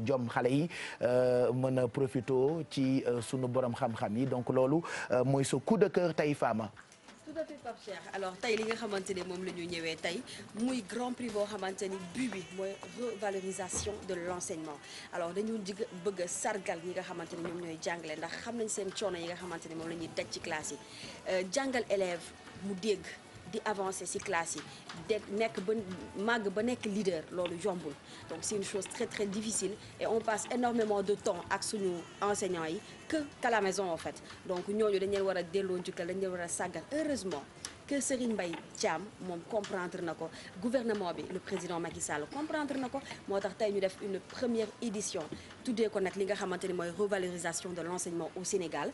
jom xale yi euh, mën a profito ci euh, sunu borom xam-xam yi donc loolu euh, mooy sa coup de cœur tey Fama. tout à alors tey li nga xamante ne moom la ñu ñëwee tey muy grand prix boo xamante ni but bi mooy revalorisation de l' enseignement alors dañu dig bëgg a sargal ñi nga xamante ne ñoom ñooy jàngale ndax xam nañ seen coono yi nga xamante ne moom la ñuy daj ci classe yi jàngal élève mu dégg. di avancer ci classe yi de nekk ba màgg ba nekk leader loolu yombul donc c'est une chose très très difficile et on passe énormément de temps ak suñu enseignants yi que qu'à la maison en fait donc ñooñu dañ leen war a delloo njukkal dañ leen war a sàggal heureusement que Serigne Mbaye Thiam moom comprendre na ko gouvernement bi le président Macky Sall comprendre na ko moo tax tey ñu def une première édition tuddee ko nag li nga xamante ni mooy revalorisation de l'enseignement au Sénégal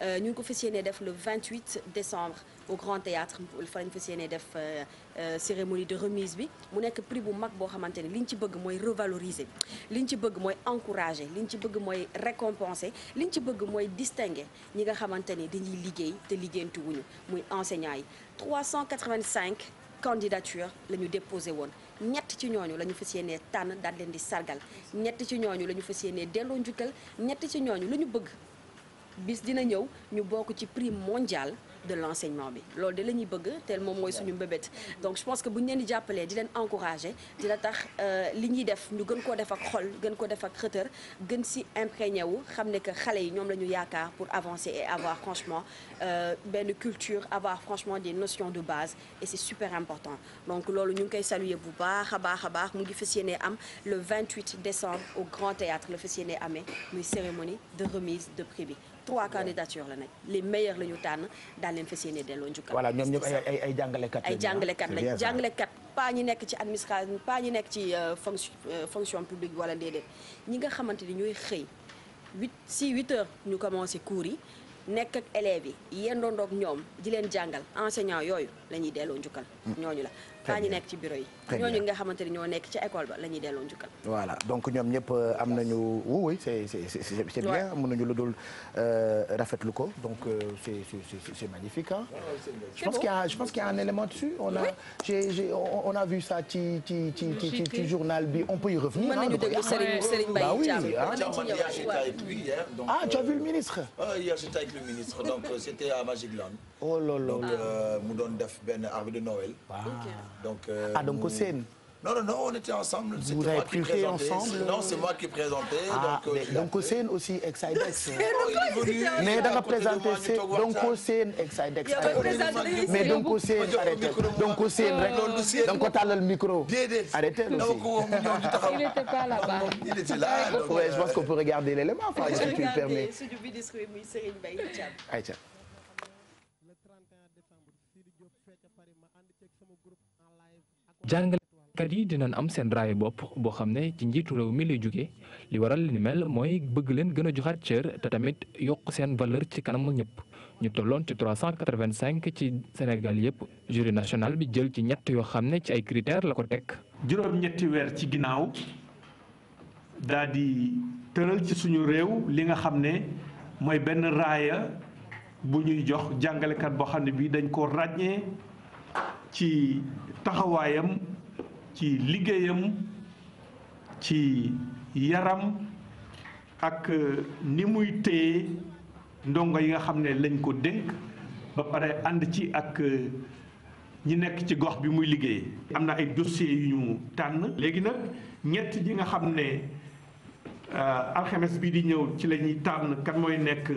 Euh, ñu ngi ko fas yéenee def le 28 décembre au Grand Théâtre fa lañ fas yéenee def euh, euh, cérémonie de remise bi mu nekk prix bu mag boo xamante ne liñ ci bëgg mooy revaloriser liñ ci bëgg mooy encourager liñ ci bëgg mooy récompenser liñ ci bëgg mooy distinguer ñi nga xamante ni dañuy liggéey te liggéeyantu wuñu muy enseignants yi 385 candidature la ñu déposé woon ñett ci ñooñu la ñu fas yéenee tànn daal leen di sargal ñett ci ñooñu la ñu fas yéenee delloo njukkal ñett ci ñooñu la ñu bëgg bis dina ñëw ñu bokk ci prix mondial de l'enseignement bi loolu dina ñuy bëgg tel moom mooy suñu mbébét donc je pense que bu ñu leen di jàppalee di leen encourager dina tax euh, li ñuy def ñu gën koo def ak xol gën ko def ak xëtër gën si imprégné wu xam ne que xale yi ñoom la ñu yaakaar pour avancer et avoir franchement euh, benn culture avoir franchement des notions de base et c'est super important donc loolu ñu ngi koy saluer bu baax a baax a baax mu ngi fas yéene am le 28 décembre au Grand Théâtre le yéene amee muy cérémonie de remise de prix bi trois candidatures la nag les meilleurs la ñu tànn daal leen fas yéene delloo njukkal. voilà ñoom ko ay ay jàngalekat ay ah. jàngalekat lañ jàngalekat pas ñi nekk ci administration pas ñi nekk ci euh, fonction euh, fonction publique wala déedéet ñi nga xamante ni ñooy xëy huit si huit heures ñu commencé cours yi. nekk ak élèves yi ndoog ñoom di leen jàngal enseignant yooyu la ñuy delloo njukkal hmm. ñooñu la pas ñi nekk ci bureau yi ñooñu nga xamante ni ñoo nekk ci école ba la ñuy delloo njukkal voilà donc ñoom ñëpp euh, am nañu wuuy c'est c'est c'est bien mën nañu lu dul euh, rafetlu ko donc euh, c'est c'est c'est magnifique ah je pense qu'il y a je pense qu'il y a un élément dessus on a j'ai j'ai on a vu ça ci ci ci ci ci journal bi on peut y revenir mën nañu déglu Serigne Serigne Baye Thiam ah tu as vu le ministre hier j'étais avec le ministre donc c'était à Magicland oh là là mu doon def benn arbre de Noël. Wow. Okay. donc euh, ah donc au CN. non non non on était ensemble. c'était vous avez prié ensemble euh, non c'est moi qui présentais. Ah, donc euh, donc au CN aussi Exidex. mais da nga présenté c' donc au CN Exidex. mais donc au CN arrêté donc au CN ah. rek. donc ko tàllal micro. arrêté il était pas là-bas. il était là ouais je pense euh, qu'on peut regarder l'élément enfin si tu le permets. Serigne Mbaye Thiam. jàngalekat yi dinañ am seen raayu bopp boo xam ne ci njiitu réew mi lay jóge li waral li mel mooy bëgg leen gën a joxaat cër te tamit yokk seen valeur ci kanam ñëpp ñu tolloon ci 385 ci Sénégal yëpp jury national bi jël ci ñett yoo xam ne ci ay critères la ko teg. juróom-ñetti weer ci ginnaaw daa di tëral ci suñu réew li nga xam ne mooy benn raaya bu ñuy jox jàngalekat boo xam ne bii dañ ko ràññee. ci taxawaayam ci liggéeyam ci yaram ak euh, ni muy téye ndongo yi nga xam ne lañ ko dénk ba pare ànd ci ak euh, ñi nekk ci gox bi muy liggéey am na ay dossiers yu ñu tànn léegi nag ñett ñi nga xam ne euh, alxemes bi di ñëw ci lañuy tànn kat mooy nekk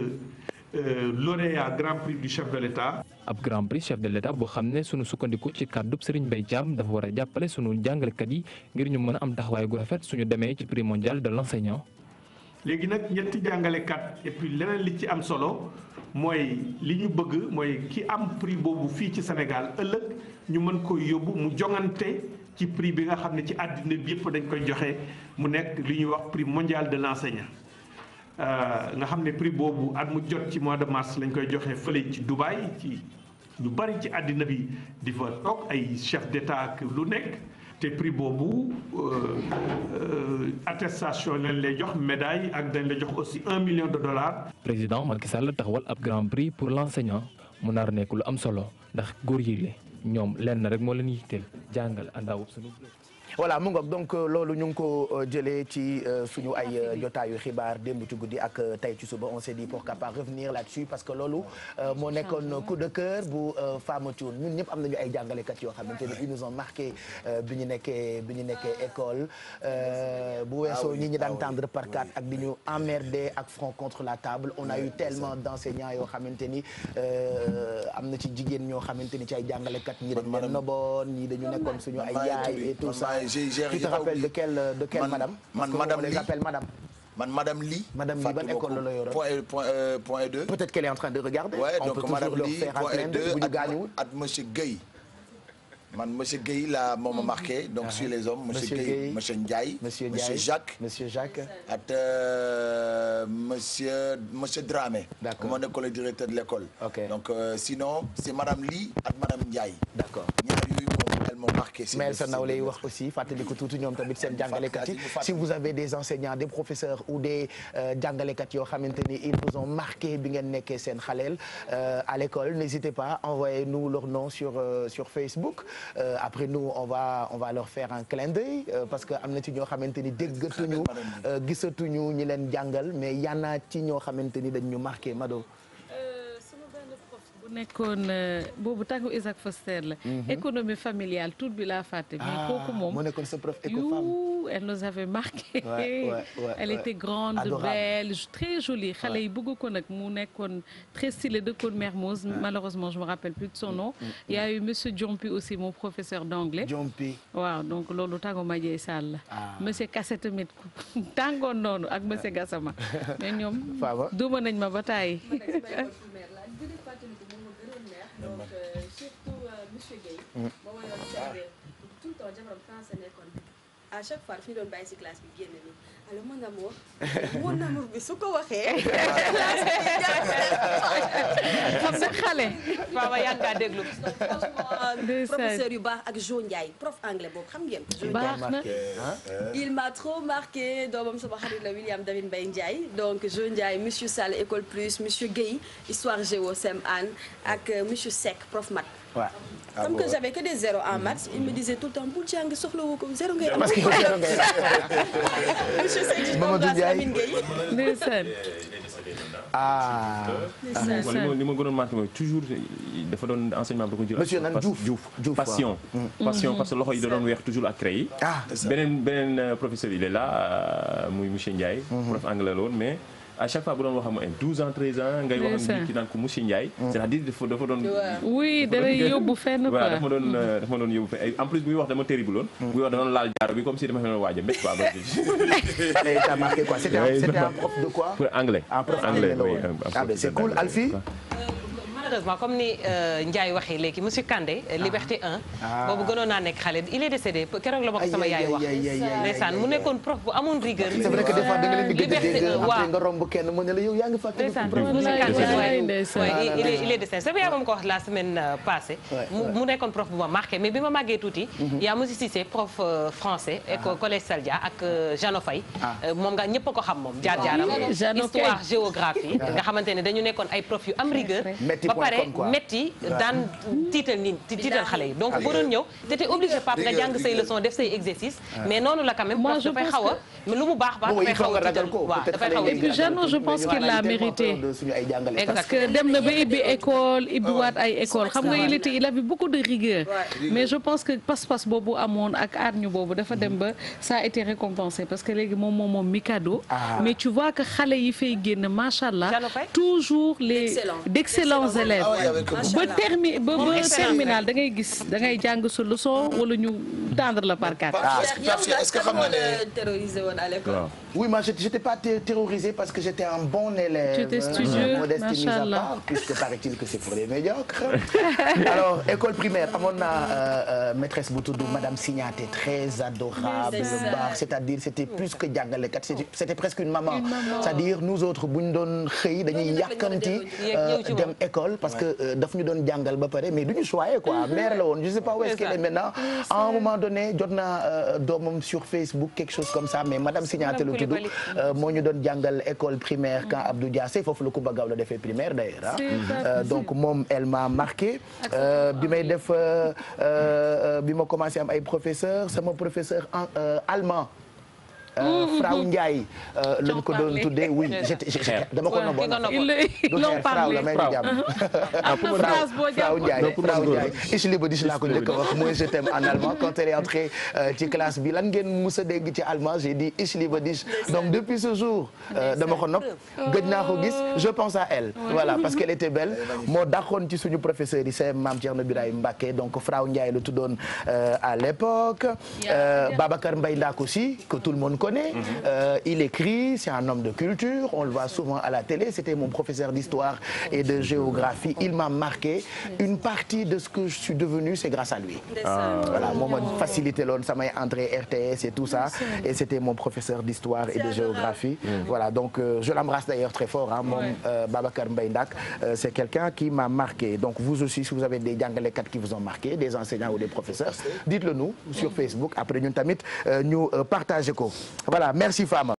Euh, lauréat grand prix du chef de l'État. ab grand prix chef de l'État boo xam ne sunu sukkandiku ci kàddub Serigne Mbaye Thiam dafa war a jàppale sunu jàngalekat yi ngir ñu mën am taxawaay gu rafet suñu demee ci prix mondial de l'enseignant. léegi nag ñetti jàngalekat et puis leneen li ci am solo mooy li ñu bëgg mooy ki am prix boobu fii ci Sénégal ëllëg ñu mën ko yóbbu mu jongante ci prix bi nga xam ne ci àddina bi yëpp dañ koy joxe mu nekk li ñuy wax prix mondial de l'enseignant. Euh, nga xam ne prix boobu at mu jot ci mois de mars lañ koy joxe fële ci Dubaï ci ñu bari ci àddina bi di fa toog ay chef d'état lu nekk te prix boobu euh, euh, attestation lañ lay jox médaille ak dañ lay jox aussi un million de dollars. président Macky Sall taxawal ab grand prix pour l'enseignant mu nar nekk lu am solo ndax góor yi le ñoom lenn rek moo leen yitteel jàngal àndaawu sunu. voilà mu ngoog donc euh, loolu ñu ngi ko euh, jëlee ci euh, suñu ay jotaayu xibaar démb ci guddi ak tey ci suba on s'est dit pourquoi pas revenir là-dessus parce que loolu moo nekkoon coup de cœur bu Fama Thioune ñu ñëpp am nañu ay jàngalekat yoo xamante ni ils nous ont bi ñu nekkee bi ñu nekkee école bu weesoo ah ñi ñu daan ah tendre par quatre ak di ñu emmerder ak front contre la table on a eu tellement d'enseignants yoo xamante ni am na ci jigéen ñoo xamante ni ci ay jàngalekat ñi dañu leen noboon ñi dañu nekkoon suñu ay j'ai j'ai rien. Tu te rappelles de quelle de quelle madame. man madame Ly madame. man ban école point euh, point euh, point deux. peut-être qu'elle est en train de regarder. Ouais, on donc peut toujours leur faire atteindre bu ñu monsieur Guèye. man monsieur Guèye la moom a marqué ah, donc sur les hommes monsieur Guèye monsieur Ndiaye monsieur Ndiaye Jacques monsieur Jacques ak euh, monsieur monsieur Dramé moo nekkoon le directeur de l'école okay. donc euh, sinon c'est madame Ly ak madame Ndiaye d'accord moo marqué mais sa nawle yi wax aussi fàttaliku tuuti ñoom tamit seen jàngalekat yi si vous avez des enseignants des professeurs ou des euh, jàngalekat yoo xamante ni ils vous ont marqué bi ngeen nekkee seen xaleel euh, à l'école n'hésitez pas envoyez nous leur nom sur euh, sur Facebook après nu on va on va leur faire un clin parce que am na ci ñoo xamante ni déggatuñu gisatuñu ñu leen jàngal mais yana ci ñoo xamante ni dañ ñu marqué Mado nekkoon euh, boobu tàggu Isaac Foster la. Mhm. économie familiale tout bi laa fàtte. mais ah, kooku sa prof écofam. elle nous avait marqué. elle était grande belle très jolie xale yi bëgg ko nag mu nekkoon très de dëkkoon Mermoz malheureusement je me rappelle plus de son mm, nom. Mm, y a mm. eu monsieur Diompi aussi mon professeur d'anglais. Diompi waaw donc loolu tàggu Madiaye Sall la. Ah. monsieur Kassé tamit tàngoon noonu ak monsieur Gassama mais ñoom. duma nañ ma ba monsieur Guèye moom ma yoon Cheikh tout le temps jabaram français nekkoon à chaque fois daf ñu doon bàyyi si classe bi génn ni alors mon amour mon amour bi su ko waxee xam nga xale waaw yàgg ngaa déglu professeur yu baax ak Jo Ndiaye prof anglais boobu xam ngeen Jo Ndiaye ah. il m'a trop marqué doomam sama xarit la William David Mbaye Ndiaye donc Jo Ndiaye monsieur Sall école plus monsieur Guèye histoire géo sem anne ak euh, monsieur Seck prof mat Ah, comme que j'avais que des zéros en maths il me disait tout le temps bul soxla woo zéro ngay am. parce que yow zéro ngay am. monsieur Seydou ah. li ma gënoon marqué mooy toujours dafa doon enseignement bi da ko jël. monsieur nan passion. Mm. passion mm-hmm. parce que loxo yi da doon weex toujours ak craie yi. ah beneen beneen euh, professeur il est euh, muy monsieur Ndiaye. Mm-hmm. prof anglais la mais. à chaque fois bu doon wax am ay 12 ans 13 ans. ngay wax ak ki naan ko monsieur c'est-à-dire dafa doon. oui da lay yóbbu fenn quoi dafa ma doon mm. euh, dafa ma en plus buy wax dama terrible loon. Mm. buy wax da doon laal jaaro bi comme si dama doon waaj a mbéj quoi. mais t'as marqué quoi prof de quoi. pour anglais. un prof anglais oui. ah ben c'est cool comme ni euh, Ndiaye waxee léegi monsieur Kandé. Ah. Liberté 1. Ah. boobu gënoon nekk xale il est décédé keroog la ma ko sama yaay wax. ndeysaan mu nekkoon prof bu amoon rigueur. c'est vrai que des nga romb kenn mu ne la yow yaa euh, prof bu ma marqué mais bi ma màggee tuuti. Mhm. yaa monsieur Cissé prof euh, français. Ah. école collège Saldia ak Jeannot Faye. moom nga ñëpp a ko xam moom jaar jaaram. histoire géographie nga xamante ne dañu nekkoon ay prof yu am rigueur. pare métti daan tiital nit tiital xale yi donc boo doon ñëw te te obligé pap nga jàng say leçon def say exercice mais noonu la quand a lu mu baax baax dafay xaw a tiital waaw dafay a je pense qu'il l'a mérité parce dem na ba ibbi école ibbi waat ay école xam nga il était il avait beaucoup de rigueur mais je pense que pas-pas boobu amoon ak aarñu boobu dafa dem ba ça a été récompensé parce que léegi moom moom moom ah. mais tu vois que xale yi fay génn machallah toujours les élèves ah ba termi ba ba terminal da ngay gis da ngay jàng sa leçon wala ñu tendre la par carte. est-ce que xam nga ne terrorisé woon à l'école. oui moi j'étais pas terrorisé parce que j'étais un bon élève. tu étais studieux modeste mise à part puisque paraît-il que c'est pour les médiocres. alors école primaire amoon naa euh, euh, maîtresse bu tudd ah. madame Signaté très adorable. baax c'est-à-dire c'était plus que jàngalekat c'était presque une maman. c'est-à-dire nous autres bu ñu doon xëy dañuy yàkkamti euh, dem école. parce que euh, daf ñu doon jàngal ba pare mais du ñu soyé quoi mm-hmm. mère la woon je sais pas où est-ce qu'elle est maintenant à un moment donné jot naa euh, doomam sur Facebook quelque chose comme ça mais madame Signaté lu tudd euh, moo ñu doon jàngal école primaire quand Abdou Diassé foofu la Coumba Gawlo defee primaire d'ailleurs donc moom elle m'a marqué bi may def bi ma commencé am ay professeur sama professeur allemand Frau Ndiaye. lañ ko doon tuddee oui dama ko nobboon na ko. il a Frau Ndiaye Frau Ndiaye. ich liebe dich laa ko njëkk mooy je t'aime en allemand quand elle est entrée euh, ci classe bi lan ngeen mus a dégg ci allemand j'ai dit ich donc depuis ce jour euh, dama ko nopp gëj naa ko gis je pense à elle. voilà parce qu'elle était belle moo dàqoon ci suñu professeur yi c'est Mame Thierno Birahim Mbacké donc Frau Ndiaye la tuddoon euh, à l'époque Babacar Mbaye Ndak que tout le monde connaît. Mhm. Euh, il écrit, c'est un homme de culture, on le voit souvent à la télé, c'était mon professeur d'histoire et de géographie. Il m'a marqué une partie de ce que je suis devenu, c'est grâce à lui. Ah. Voilà, moi, moi facilité loon samay entrée RTS et tout ça et c'était mon professeur d'histoire et de géographie. Mhm. Voilà, donc euh, je l'embrasse d'ailleurs très fort hein, moom euh, Babacar Mbaye Ndak, euh, c'est quelqu'un qui m'a marqué. Donc vous aussi si vous avez des jàngalekat qui vous ont marqué, des enseignants ou des professeurs, dites-le nous sur Facebook après ñun tamit euh, ñu euh, partager ko. voilà merci Fama